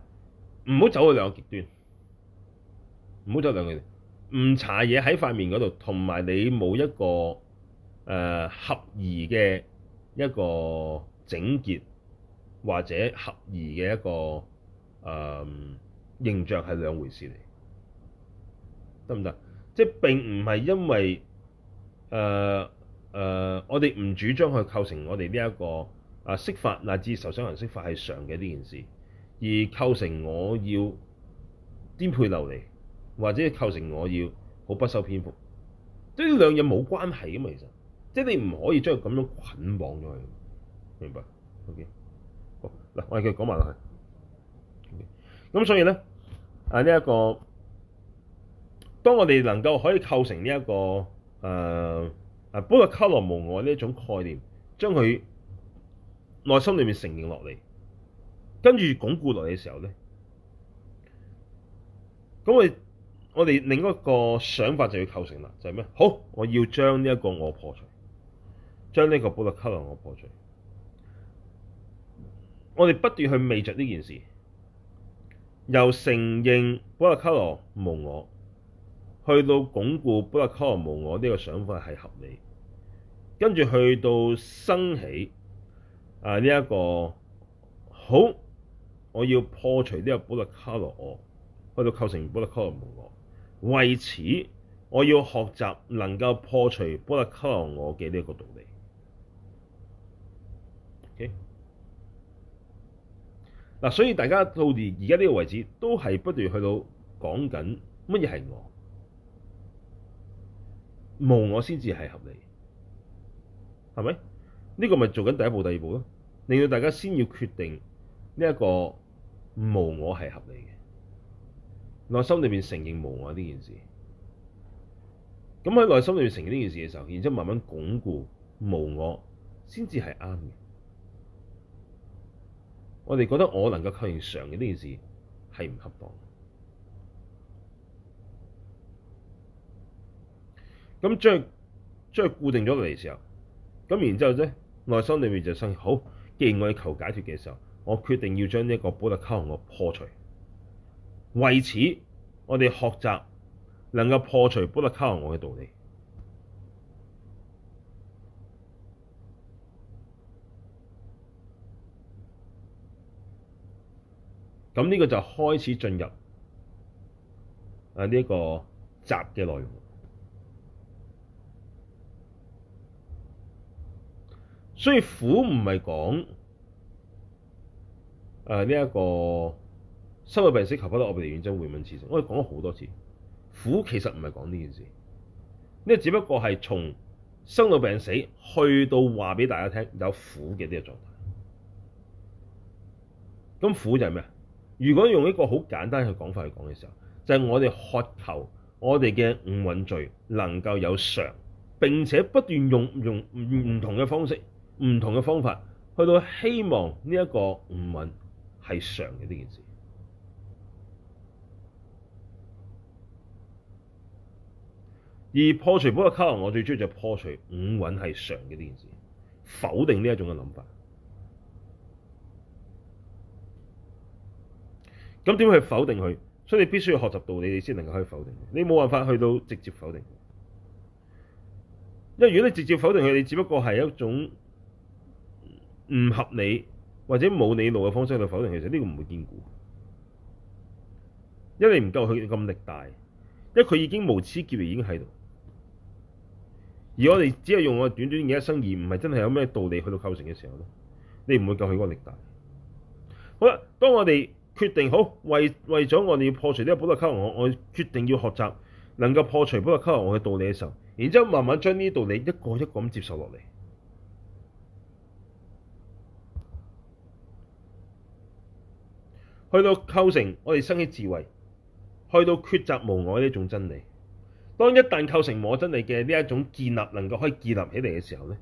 唔好走去兩個極端，唔好走兩個極端。唔搽嘢喺塊面嗰度，同埋你冇一個誒合宜嘅一個整潔或者合宜嘅一個誒形象係兩回事嚟，得唔得？即係並唔係因為誒。誒、呃，我哋唔主張去構成我哋呢一個啊色法乃至受想行識法係常嘅呢件事，而構成我要顛沛流離，或者構成我要好不修邊幅，即係呢兩嘢冇關係嘅嘛，其實，即係你唔可以將佢咁樣捆綁咗佢，明白？OK，嗱，我哋繼續講埋落去。咁、okay? 所以咧，啊呢一、這個，當我哋能夠可以構成呢、這、一個誒。呃補特伽羅無我呢一種概念，將佢內心裏面承認落嚟，跟住鞏固落嚟嘅時候咧，咁我我哋另一個想法就要構成啦，就係、是、咩？好，我要將呢一個我破除，將呢個補特伽羅我破除。我哋不斷去未着呢件事，由承認補特伽羅無我，去到鞏固補特伽羅無我呢個想法係合理。跟住去到升起，啊呢一個好，我要破除呢個補特伽羅我，去到構成補特伽羅無我。為此，我要學習能夠破除補特伽羅我嘅呢一個道理。嗱，okay? 啊，所以大家到而而家呢個位置，都係不斷去到講緊乜嘢係我，無我先至係合理。係咪？呢、這個咪做緊第一步，第二步咯？令到大家先要決定呢一個無我係合理嘅，內心裏面承認無我呢件事。咁喺內心裏面承認呢件事嘅時候，然之後慢慢鞏固無我，先至係啱嘅。我哋覺得我能夠確認常嘅呢件事係唔恰當嘅。咁將將固定咗落嚟嘅時候。咁然之後咧，內心裏面就生好，既然我要求解脱嘅時候，我決定要將呢一個補特伽羅我破除。為此，我哋學習能夠破除補特伽羅我嘅道理。咁呢個就開始進入誒，呢一個集嘅內容。所以苦唔係講誒呢一個生老病死、求不得、愛別離、怨憎會、五陰熾盛。我哋講咗好多次，苦其實唔係講呢件事，呢只不過係從生老病死去到話俾大家聽有苦嘅呢個狀態。咁苦就係咩？如果用一個好簡單嘅講法去講嘅時候，就係、是、我哋渴求我哋嘅五蘊聚能夠有常，並且不斷用用唔同嘅方式。唔同嘅方法，去到希望呢一個五蘊係常嘅呢件事。而破除補特伽羅我最中意就破除五蘊係常嘅呢件事，否定呢一種嘅諗法。咁點去否定佢？所以你必須要學習道理，你先能夠可以否定。你冇辦法去到直接否定。因為如果你直接否定佢，你只不過係一種。唔合理或者冇你路嘅方式去否定，其實呢個唔會堅固，因為你唔夠佢咁力大，因為佢已經無始劫而已經喺度，而我哋只係用我短短嘅一生，而唔係真係有咩道理去到構成嘅時候咧，你唔會夠佢嗰個力大。好啦，當我哋決定好為為咗我哋要破除呢個補特伽羅我，我決定要學習能夠破除補特伽羅我嘅道理嘅時候，然之後慢慢將呢啲道理一個一個咁接受落嚟。去到構成我哋生起智慧，去到抉擇無我呢一種真理。當一旦構成無我真理嘅呢一種建立，能夠可以建立起嚟嘅時候咧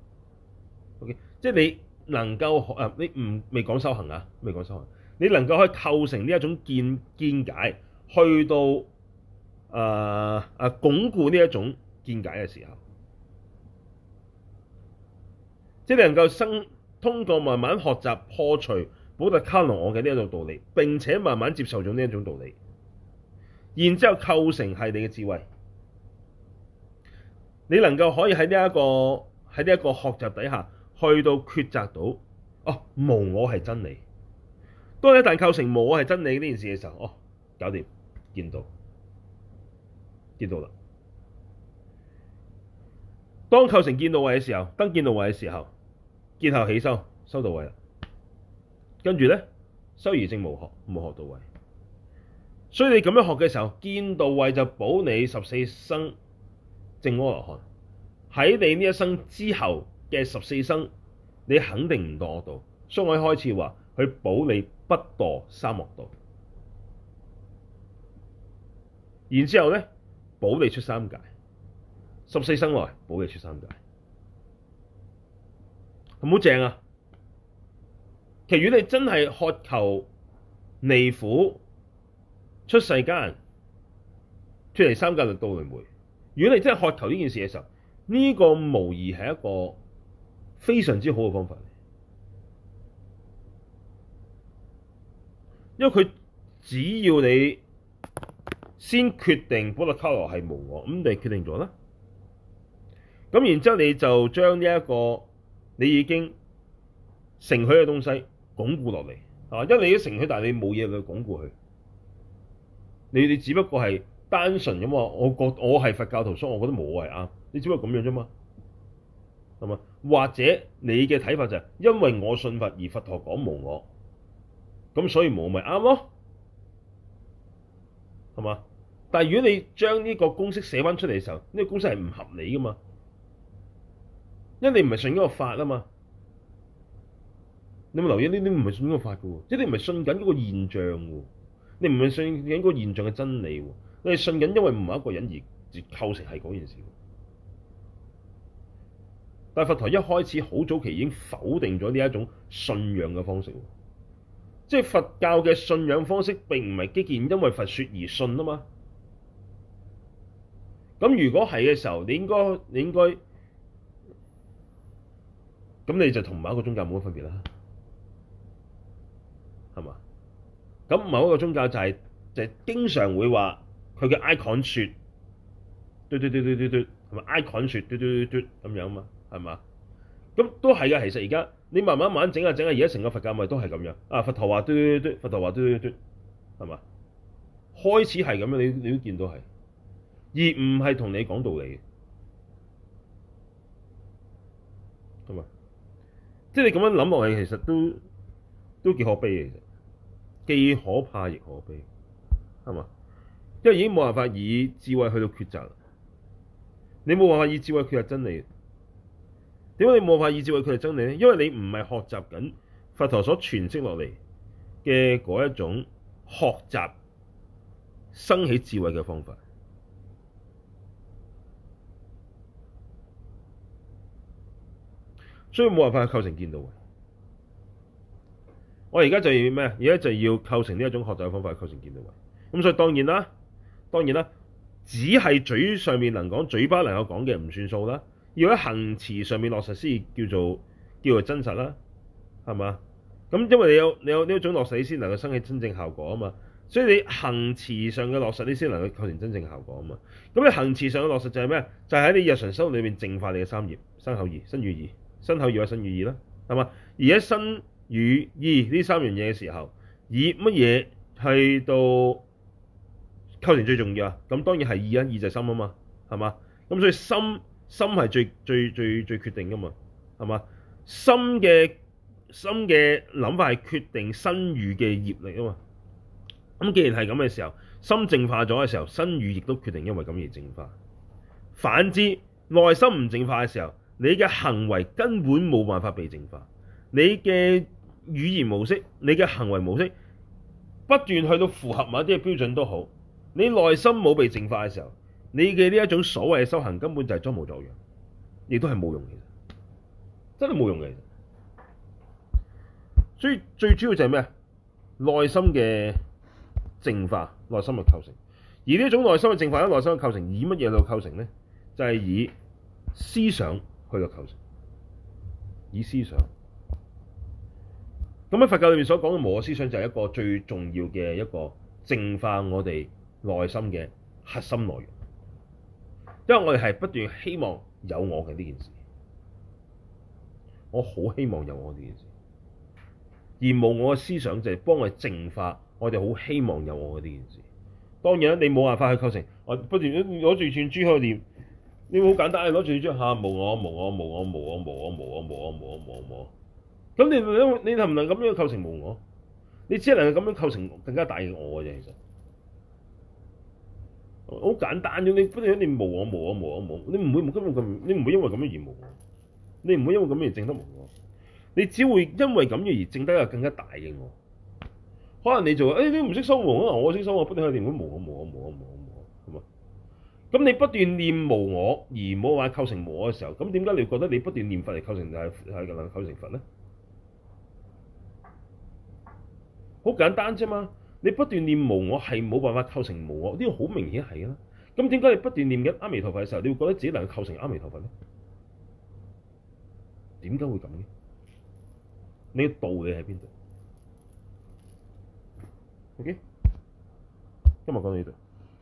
，OK，即係你能夠誒、啊、你唔未講修行啊，未講修行，你能夠可以構成呢一種見見解，去到誒誒、呃啊、鞏固呢一種見解嘅時候，即係能夠生通過慢慢學習破除補特伽羅我嘅呢一種道理，並且慢慢接受咗呢一種道理，然之後構成係你嘅智慧，你能夠可以喺呢一個喺呢一個學習底下去到抉擇到哦無我係真理，當你一旦構成無我係真理呢件事嘅時候，哦搞掂見到見到啦，當構成見到位嘅時候，當見到位嘅時候，見後起收收到位啦。跟住咧，修而證冇學冇學到位，所以你咁樣學嘅時候，見道位就保你十四生證阿羅漢。喺你呢一生之後嘅十四生，你肯定唔墮到。所以開始話佢保你不墮三惡道。然之後咧，保你出三界，十四生內保你出三界，係唔係好正啊？其實如，如果你真係渴求離苦出世間，出嚟三界六道輪迴。如果你真係渴求呢件事嘅時候，呢、這個無疑係一個非常之好嘅方法。因為佢只要你先決定補特伽羅係無我，咁你決定咗啦。咁然之後你就將呢一個你已經承許嘅東西。鞏固落嚟，啊，因為你都承許，但係你冇嘢去鞏固佢，你哋只不過係單純咁話，我覺我係佛教徒，所以，我覺得冇我係啱，你只不過咁樣啫嘛，係嘛？或者你嘅睇法就係、是、因為我信佛而佛陀講冇我，咁所以冇咪啱咯，係嘛？但如果你將呢個公式寫翻出嚟嘅時候，呢、這個公式係唔合理噶嘛，因為你唔係信嗰個法啊嘛。你唔留意呢啲唔係信嗰個法噶喎，即係你唔係信緊嗰個現象喎，你唔係信緊嗰個現象嘅真理喎，你係信緊因為某一個人而構成係嗰件事。但佛陀一開始好早期已經否定咗呢一種信仰嘅方式，即係佛教嘅信仰方式並唔係基建因為佛説而信啊嘛。咁如果係嘅時候，你應該你應該，咁你就同某一個宗教冇乜分別啦。係嘛？咁唔係嗰個宗教就係，係，就係、經常會話佢嘅 icon 說，嘟嘟嘟嘟嘟嘟，係咪 icon 說，嘟嘟嘟嘟咁樣啊？係嘛？咁都係嘅。其實而家你慢慢慢慢整下整下，而家成個佛教咪都係咁樣。啊，佛陀話嘟嘟嘟，佛陀話嘟嘟嘟，係嘛？開始係咁樣，你你都見到係，而唔係同你講道理咁啊，即係你咁樣諗落去，其實都都幾可悲嘅，其實。既可怕亦可悲，係嘛？因為已經冇辦法以智慧去到抉擇，你冇辦法以智慧確認真理。點解你冇辦法以智慧確認真理咧？因為你唔係學習緊佛陀所傳釋落嚟嘅嗰一種學習生起智慧嘅方法，所以冇辦法去構成見道。我而家就要咩？而家就要構成呢一種學習嘅方法，構成見道位。咁所以當然啦，當然啦，只係嘴上面能講，嘴巴能夠講嘅唔算數啦。要喺行持上面落實先叫做叫做真實啦，係嘛？咁因為你有你有呢一種落實，你先能夠生起真正效果啊嘛。所以你行持上嘅落實，你先能夠構成真正效果啊嘛。咁你行持上嘅落實就係咩？就係喺你日常生活裏面淨化你嘅三業、身口意、身語意、身口意或者身語意啦，係嘛？而家身語意呢三樣嘢嘅時候，以乜嘢去到構成最重要啊？咁當然係意啊，意就是心啊嘛，係嘛？咁所以心心係最最最最決定噶嘛，係嘛？心嘅心嘅諗法係決定身語嘅業力啊嘛。咁既然係咁嘅時候，心淨化咗嘅時候，身語亦都決定，因為咁而淨化。反之，內心唔淨化嘅時候，你嘅行為根本冇辦法被淨化，你嘅。語言模式，你嘅行為模式不斷去到符合某啲嘅標準都好，你內心冇被淨化嘅時候，你嘅呢一種所謂嘅修行根本就係裝模作樣，亦都係冇用嘅，真係冇用嘅。所以最主要就係咩啊？內心嘅淨化，內心嘅構成。而呢一種內心嘅淨化，同內心嘅構成以乜嘢嚟構成咧？就係、是、以思想去到構成，以思想。咁喺佛教裏面所講嘅無我思想就係一個最重要嘅一個淨化我哋內心嘅核心內容，因為我哋係不斷希望有我嘅呢件事，我好希望有我呢件事，而無我嘅思想就係幫我淨化我哋好希望有我嘅呢件事。當然你冇辦法去構成，我不斷攞住串珠去念，你好簡單，攞住串珠吓，無我無我無我無我無我無我無我無我無我。咁你你能唔能咁樣構成無我？你只係能夠咁樣構成更加大嘅我嘅啫。其實好簡單嘅，你不斷喺度無我無我無我無，你唔會因為咁，你唔會因為咁樣而無我，你唔會因為咁樣而正得無我，你只會因為咁樣而淨得一個更加大嘅我。可能你做誒你唔識修無我，我識修不斷喺度無我無我無我無我咁，咁你不斷念無我而冇話構成無我嘅時候，咁點解你覺得你不斷念佛嚟構成係係能夠構成佛咧？好簡單啫嘛！你不斷念無我係冇辦法構成無我，呢個好明顯係啦。咁點解你不斷念緊阿彌陀佛嘅時候，你會覺得自己能夠構成阿彌陀佛咧？點解會咁嘅？你嘅道理喺邊度？OK？今日講到呢度。